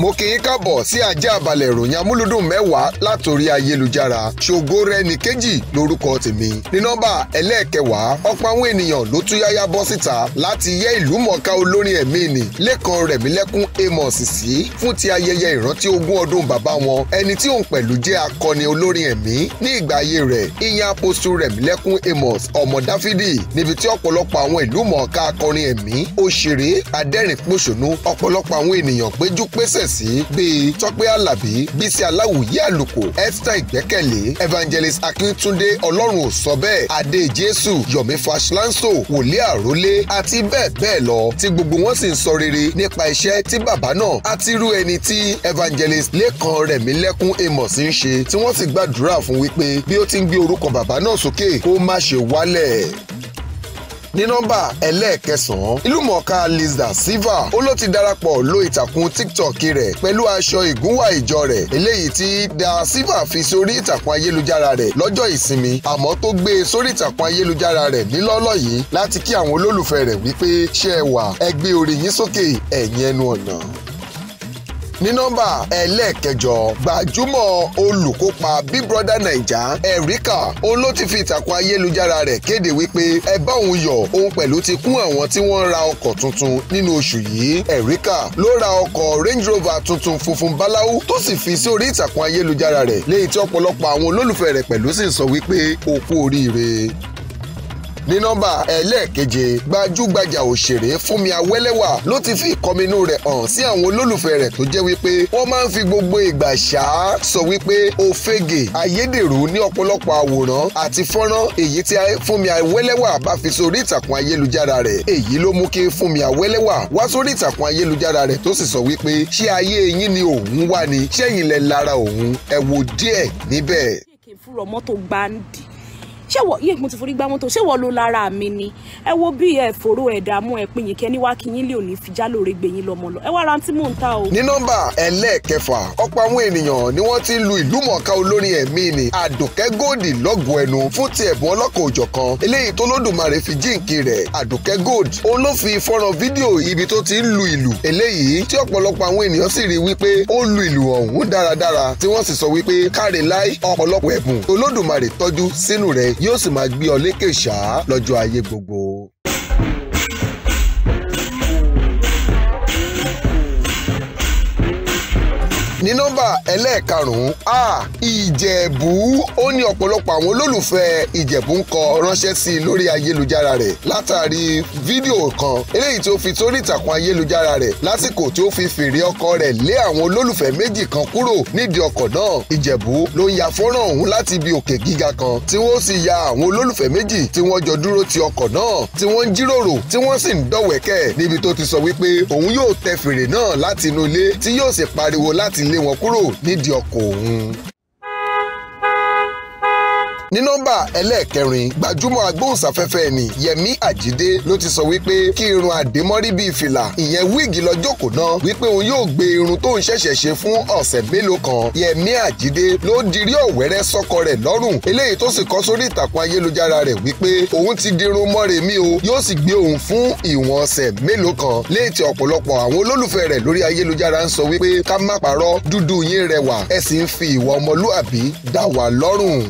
mo kì í káàbọ̀ sí ajá balẹ̀ ìròyìn amúlùdùn mẹ́wàá látòrí ayélujára ṣògo rẹ ní kejì lórúkọ tèmi ní nọ́mbà ẹlẹ́ẹ̀kẹwàá ọ̀pọ̀ àwọn ènìyàn ló tún yáyá bọ́ síta láti yẹ́ ìlú mọ̀ọ́ká olórin ẹ̀mí ni lẹ́kan rẹ̀mílẹ́kún amos sí fún ti ayẹyẹ ìrántí ogún ọdún bàbá wọn ẹni tí òun pẹ̀lú jẹ́ akọni olórin ẹ̀mí ní ìgbà ayé rẹ̀ ìyẹn apostu rẹ̀mílẹ́kún amos ọmọ dáfídì níbi tí ọ̀pọ̀lọpọ̀ àwọn ìlú mọ̀ọ́ká akọrin ẹ̀mí òṣèré sí bíi tọ́pẹ́ alábí bísí aláwòye àlùkò esther ìgbẹ́kẹ̀lé evangelist akíntúndé ọlọ́run ò sọ bẹ́ẹ̀ adé jésù yomi fashlanso wòlíì àrólé àti bẹ́ẹ̀ bẹ́ẹ̀ lọ tí gbogbo wọn sì ń sọ rere nípa iṣẹ́ tí bàbá náà àti irú ẹni tí evangelist lẹ́kan rẹ̀mílẹ́kún amos ń ṣe tí wọ́n sì gbàdúrà fún wípé bí ó ti ń gbé orúkọ bàbá náà sókè kó má ṣe wálẹ̀ ní nọ́mbà ẹlẹ́ẹ̀kẹsàn-án ìlúmọ̀ọ́ká Liz da Silva ó ló ti darapọ̀ lo ìtàkùn TikTok rẹ̀ pẹ̀lú aṣọ ìgúnwà ìjọ rẹ̀ eléyìí tí da Silva fi sórí ìtàkùn ayélujára rẹ̀ lọ́jọ́ ìsinmi àmọ́ tó gbé e sórí ìtàkùn ayélujára rẹ̀ nílọ́lọ́ yìí láti kí àwọn olólùfẹ́ rẹ̀ wípé ṣé ẹ wà ẹ gbé orí yín sókè ẹ̀yin ẹnu ọ̀nà ní nọ́mbà ẹlẹ́ẹ̀kẹjọ gbajúmọ̀ olùkópa Big Brother Naija Erika òun ló ti fi ìtàkùn ayélujára rẹ̀ kéde wípé ẹ bá òun yọ̀ òun pẹ̀lú ti kún àwọn tí wọ́n ra ọkọ̀ tuntun nínú oṣù yìí Erika ló ra ọkọ̀ Range Rover tuntun funfun báláwú tó sì fi sí orí ìtàkùn ayélujára rẹ̀ léyìí tí ọ̀pọ̀lọpọ̀ àwọn olólùfẹ́ rẹ̀ pẹ̀lú sì sọ wípé òkú oríire ní nọ́mbà ẹlẹ́ẹ̀keje gbajúgbajà òṣèré fúnmi awẹ́lẹ́wà ló ti fi ìkọminú rẹ̀ hàn sí àwọn olólùfẹ́ rẹ̀ tó jẹ́ wípé wọ́n máa ń fi gbogbo ìgbà ṣáá sọ wípé ó fege ayédèrú ní ọ̀pọ̀lọpọ̀ àwòrán àti fọ́nrán èyí tí fúnmi awẹ́lẹ́wà bá fi sórí ìtàkùn ayélujára rẹ̀ èyí ló mú kí fúnmi awẹ́lẹ́wà wá sórí ìtàkùn ayélujára rẹ̀ tó sì sọ wípé ṣé ayé yín ni òun wà ní ṣẹ́yìn lẹ lára òun ẹ wò díẹ̀ níbẹ̀. fúrọ̀ ṣé wọ yé mo ti forí gbá mọ́tò ṣé wọ ló lára mi ni ẹ wo bí ẹ fòrò ẹ dààmú ẹ pín yín kẹ níwá kí yín lè òní fi jálòrè gbé yín lọmọ lọ ẹ wá rántí mò ń ta o. ní nọ́mbà ẹlẹ́ẹ̀kẹfà ọ̀pọ̀ àwọn ènìyàn ni wọ́n ti lu ìlúmọ̀ọ́ká olórin ẹ̀mí ni àdùkẹ́ góòdì lọ́gùn ẹnu fún ti ẹ̀bùn ọlọ́kọ̀ òjọ̀kan eléyìí tó lódùmarè fi jíǹkì rẹ̀ àdùkẹ́ gold òun ló fídíò ibi tó ti ń lu ìlù eléyìí tí ọ̀pọ̀lọpọ̀ àwọn ènìyàn sì rí wípé ó lu ìlù ọ̀hún dáradára tí wọ́n sì sọ wípé káre láì yóò sì máa gbé ọ lékè ṣáá lọ́jọ́ ayé gbogbo. ní nọ́mbà ẹlẹ́ẹ̀karùn-ún a ìjẹ̀bú ó ní ọ̀pọ̀lọpọ̀ àwọn olólùfẹ́ ìjẹ̀bú ń kọ ránṣẹ́ sí i lórí ayélujára rẹ̀ látàrí fídíò kan eléyìí tí ó fi sórí ìtàkùn ayélujára rẹ̀ lásìkò tí ó fi fèrè ọkọ rẹ̀ lé àwọn olólùfẹ́ méjì kan kúrò nídìí ọkọ̀ náà ìjẹ̀bú ló ń ya fọ́nrán ọ̀hún láti ibi òkè gíga kan tí wọ́n sì ya àwọn olólùfẹ́ méjì tí wọ́n jọ dúró ti ọkọ̀ náà tí wọ́n ń jíròrò tí wọ́n sì ń dọ̀wẹ́kẹ̀ níbi tó ti sọ wípé òun yóò tẹ fèrè náà láti inú ilé tí yóò sì pariwo láti lé wọn kúrò nídìí ọkọ̀ òun ní nọ́mbà ẹlẹ́ẹ̀kẹrin gbajúmọ̀ agbóhùnsáfẹ́fẹ́ ni Yẹmí Àjídé ló ti sọ wípé kí irun àdémọ́rí bíi fìlà ìyẹn wíìgì lọ jókòó náà wípé òun yóò gbé irun tó ń ṣẹ̀ṣẹ̀ ṣe fún ọ̀sẹ̀ mélòó kan Yẹmí Àjídé ló dirí ọ̀wẹ́rẹ́ sọ́kọ rẹ̀ lọ́rùn eléyìí tó sì kọ́ sórí ìtàkùn ayélujára rẹ̀ wípé òun ti dirun mọ́re mi o yóò sì gbé òun fún ìwọ̀n ọ̀sẹ̀ mélòó kan léètì ọ̀pọ̀lọpọ̀ àwọn olólùfẹ́ rẹ̀ lórí ayélujára ń sọ wípé ká má parọ́ dúdú yín rẹwà ẹ sì ń fi ìwà ọmọlúàbí dá wa lọ́rùn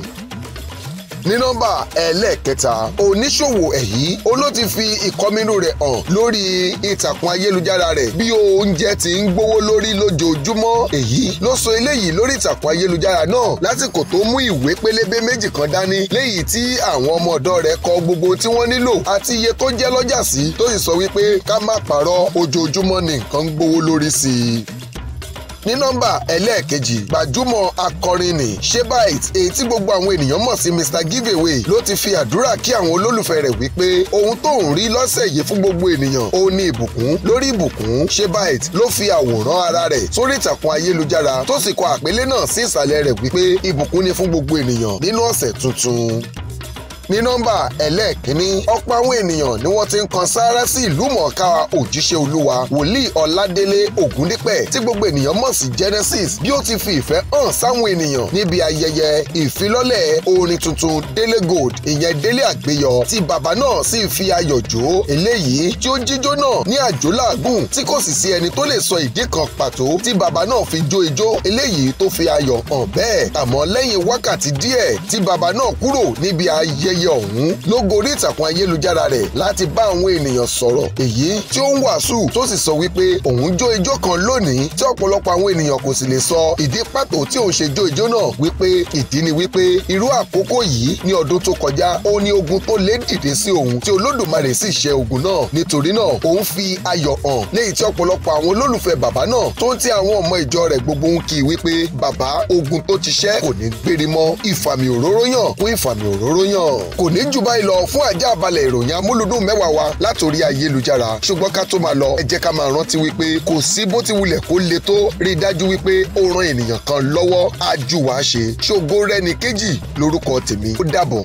ní nọ́mbà ẹlẹ́ẹ̀kẹta oníṣòwò èyí olóòtú fi ìkọminú rẹ̀ hàn lórí ìtàkùn ayélujára rẹ̀ bí oúnjẹ ti ń gbówó lórí lójoojúmọ́ èyí ló sọ eléyìí lórí ìtàkùn ayélujára náà lásìkò tó mú ìwé pélébé méjì kan dání léyìí tí àwọn ọmọ ọ̀dọ́ rẹ̀ kọ gbogbo tí wọ́n nílò àti iye tó jẹ́ lọ́jà sí tó sì sọ wípé ká má pààrọ̀ ojoojúmọ́ ni nǹkan ń gbówó lórí sí i ní nọ́mbà ẹlẹ́ẹ̀kejì gbajúmọ̀ akọrin ni Shebite èyí tí gbogbo àwọn ènìyàn mọ̀ sí Mr Giveaway ló ti fi àdúrà kí àwọn olólùfẹ́ rẹ̀ wípé ohun tó ń rí lọ́sẹ̀ yìí fún gbogbo ènìyàn ó ní ìbùkún lórí ìbùkún Shebite ló fi àwòrán ara rẹ̀ sórí ìtàkùn ayélujára tó sì kọ àpélé náà sí ìsàlẹ̀ rẹ̀ wípé ìbùkún ni fún gbogbo ènìyàn nínú ọ̀sẹ̀ tuntun ní nọ́mbà ẹlẹ́ẹ̀kínní ọ̀pọ̀ àwọn ènìyàn ni wọ́n ti ń kan sáárá sí ìlú mọ̀ọ́ká òjíṣẹ́ olúwa wòlíì ọládélé ògúndípẹ̀ tí gbogbo ènìyàn mọ̀ sí genesis bí ó ti fi ìfẹ́ hàn sáwọn ènìyàn níbi ayẹyẹ ìfilọ́lẹ̀ orin tuntun délé gold ìyẹn délé àgbéyọ tí bàbá náà sì fi ayọ̀ jó eléyìí tí ó jíjó náà ní àjò làágùn tí kò sì sí ẹni tó lè sọ ìdí kan pàtó tí bàbá náà fi jó ijó eléyìí tó fi ayọ̀ hàn bẹ́ẹ̀ àmọ́ lẹ́yìn wákàtí díẹ̀ tí bàbá náà kúrò níbi ayẹyẹ ayẹyẹ ọ̀hún ló gorí ìtàkùn ayélujára rẹ̀ láti bá àwọn ènìyàn sọ̀rọ̀ èyí tí ó ń wàásù tó sì sọ wípé òun jó ijó kan lónìí tí ọ̀pọ̀lọpọ̀ àwọn ènìyàn kò sì lè sọ ìdí pàtó tí òun ṣe jó ijó náà wípé ìdí ni wípé irú àkókò yìí ní ọdún tó kọjá ó ní ogun tó lé dìde sí òun tí olódùmarè sì ṣe ogun náà nítorí náà òun fi ayọ̀ hàn léyìí tí ọ̀pọ̀lọpọ̀ àwọn olólùfẹ́ bàbá náà tó ń ti àwọn ọmọ ìjọ rẹ̀ gbogbo ń kí wípé bàbá ogun tó ti ṣẹ́ kò ní gbérí ìfàmì òróró yàn fún ìfàmì òróró yàn kò ní jù báyìí lọ fún ajá balẹ̀ ìròyìn amúlùdùn mẹ́wàá wa látòrí ayélujára ṣùgbọ́n ká tó máa lọ ẹ jẹ́ ká máa rántí wípé kò sí bó ti wulẹ̀ kó le tó rí dájú wípé ó ran ènìyàn kan lọ́wọ́ á jù ṣe ṣògo rẹ́ni kéjì lórúkọ tèmi ó dàbọ̀.